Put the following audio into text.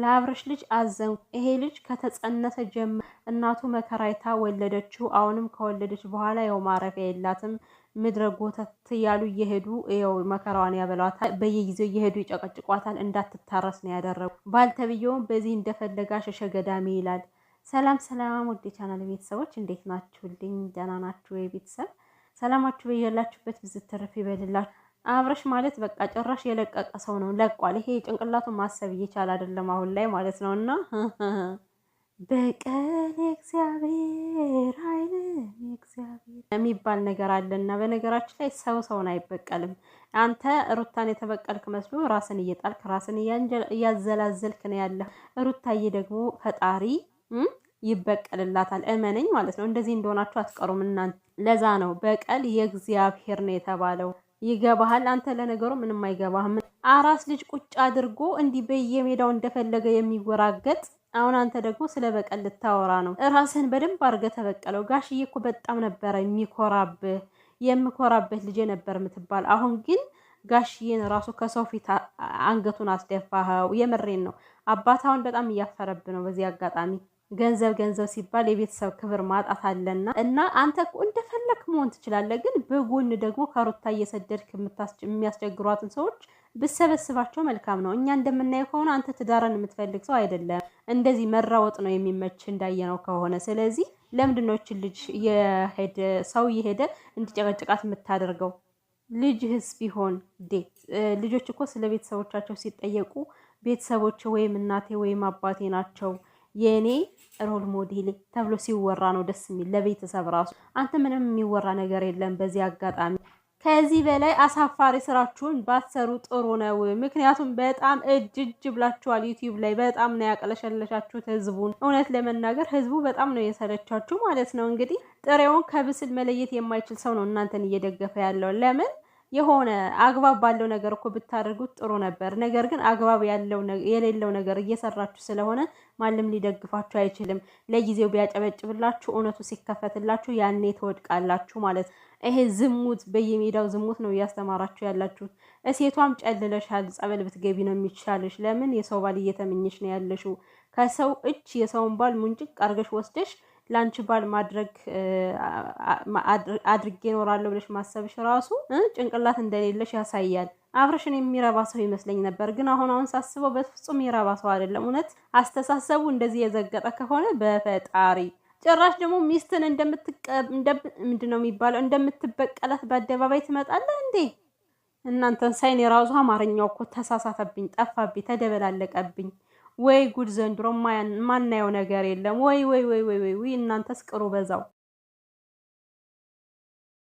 ለአብረሽ ልጅ አዘንኩ። ይሄ ልጅ ከተጸነሰ ጀምሮ እናቱ መከራይታ ወለደችው። አሁንም ከወለደች በኋላ የው ማረፊያ የላትም። ምድረ ጎተት እያሉ እየሄዱ ው መከራዋን ያበሏታል። በየጊዜው እየሄዱ ይጨቀጭቋታል። እንዳትታረስ ነው ያደረጉ። ባልተብየውም በዚህ እንደፈለጋ አሸሸ ገዳሜ ይላል። ሰላም ሰላም፣ ወደ ቻናል ቤተሰቦች እንዴት ናችሁልኝ? ደህና ናችሁ ወይ? ቤተሰብ ሰላማችሁ በያላችሁበት ብዝትርፍ ይበልላችሁ። አብረሽ ማለት በቃ ጭራሽ የለቀቀ ሰው ነው፣ ለቋል። ይሄ ጭንቅላቱን ማሰብ እየቻለ አይደለም አሁን ላይ ማለት ነው። እና በቀል እግዚአብሔር አይል እግዚአብሔር የሚባል ነገር አለና፣ በነገራችን ላይ ሰው ሰውን አይበቀልም። አንተ ሩታን የተበቀልክ መስሎ ራስን እየጣልክ ራስን እያዘላዘልክ ነው ያለ። ሩታዬ ደግሞ ፈጣሪ ይበቀልላታል። እመነኝ ማለት ነው። እንደዚህ እንደሆናችሁ አትቀሩም እናንተ። ለዛ ነው በቀል የእግዚአብሔር ነው የተባለው። ይገባሃል። አንተ ለነገሩ ምንም አይገባህም። አራስ ልጅ ቁጭ አድርጎ እንዲህ በየሜዳው እንደፈለገ የሚወራገጥ አሁን አንተ ደግሞ ስለ በቀል ልታወራ ነው። ራስህን በደንብ አድርገህ ተበቀለው። ጋሽዬ እኮ በጣም ነበረ የሚኮራብህ የምኮራበት ልጄ ነበር የምትባል። አሁን ግን ጋሽዬን ራሱ ከሰው ፊት አንገቱን አስደፋኸው። የምሬን ነው አባት አሁን በጣም እያፈረብ ነው በዚህ አጋጣሚ ገንዘብ ገንዘብ ሲባል የቤተሰብ ክብር ማጣት አለና እና አንተ እንደፈለክ መሆን ትችላለህ፣ ግን በጎን ደግሞ ካሮታ እየሰደድክ የሚያስቸግሯትን ሰዎች ብሰበስባቸው መልካም ነው። እኛ እንደምናየው ከሆነ አንተ ትዳርን የምትፈልግ ሰው አይደለም። እንደዚህ መራወጥ ነው የሚመች እንዳየነው ከሆነ ስለዚህ ለምንድን ልጅ የሄደ ሰው የሄደ እንዲጨቀጭቃት የምታደርገው? ልጅህስ ቢሆን ዴት ልጆች እኮ ስለ ቤተሰቦቻቸው ሲጠየቁ ቤተሰቦች ወይም እናቴ ወይም አባቴ ናቸው የእኔ ሮል ሞዴሌ ተብሎ ሲወራ ነው ደስ የሚል ለቤተሰብ ራሱ። አንተ ምንም የሚወራ ነገር የለም። በዚህ አጋጣሚ ከዚህ በላይ አሳፋሪ ስራችሁን ባትሰሩ ጥሩ ነው። ምክንያቱም በጣም እጅ እጅ ብላችኋል። ዩቲዩብ ላይ በጣም ነው ያቀለሸለሻችሁት ህዝቡን። እውነት ለመናገር ህዝቡ በጣም ነው የሰለቻችሁ ማለት ነው። እንግዲህ ጥሬውን ከብስል መለየት የማይችል ሰው ነው እናንተን እየደገፈ ያለው ለምን የሆነ አግባብ ባለው ነገር እኮ ብታደርጉት ጥሩ ነበር። ነገር ግን አግባብ ያለው የሌለው ነገር እየሰራችሁ ስለሆነ ማንም ሊደግፋችሁ አይችልም። ለጊዜው ቢያጨበጭብላችሁ እውነቱ ሲከፈትላችሁ ያኔ ትወድቃላችሁ ማለት ነው። ይሄ ዝሙት በየሜዳው ዝሙት ነው እያስተማራችሁ ያላችሁት። እሴቷም ጨልለሻል፣ ጸበል ብትገቢ ነው የሚቻልሽ። ለምን የሰው ባል እየተመኘሽ ነው ያለሽው? ከሰው እጅ የሰውን ባል ሙንጭቅ አርገሽ ወስደሽ ለአንቺ ባል ማድረግ አድርጌ እኖራለሁ ብለሽ ማሰብሽ ራሱ ጭንቅላት እንደሌለሽ ያሳያል። አብረሽን የሚረባ ሰው ይመስለኝ ነበር፣ ግን አሁን አሁን ሳስበው በፍጹም የረባ ሰው አይደለም። እውነት አስተሳሰቡ እንደዚህ የዘገጠ ከሆነ በፈጣሪ ጭራሽ ደግሞ ሚስትን ምንድን ነው የሚባለው እንደምትበቀላት በአደባባይ ትመጣለህ እንዴ? እናንተን ሳይን የራሱ አማርኛው እኮ ተሳሳተብኝ፣ ጠፋብኝ፣ ተደበላለቀብኝ። ወይ ጉድ! ዘንድሮ ማናየው ነገር የለም። ወይ ወይ ወይ ወይ ወይ! እናንተስ ቅሩ በዛው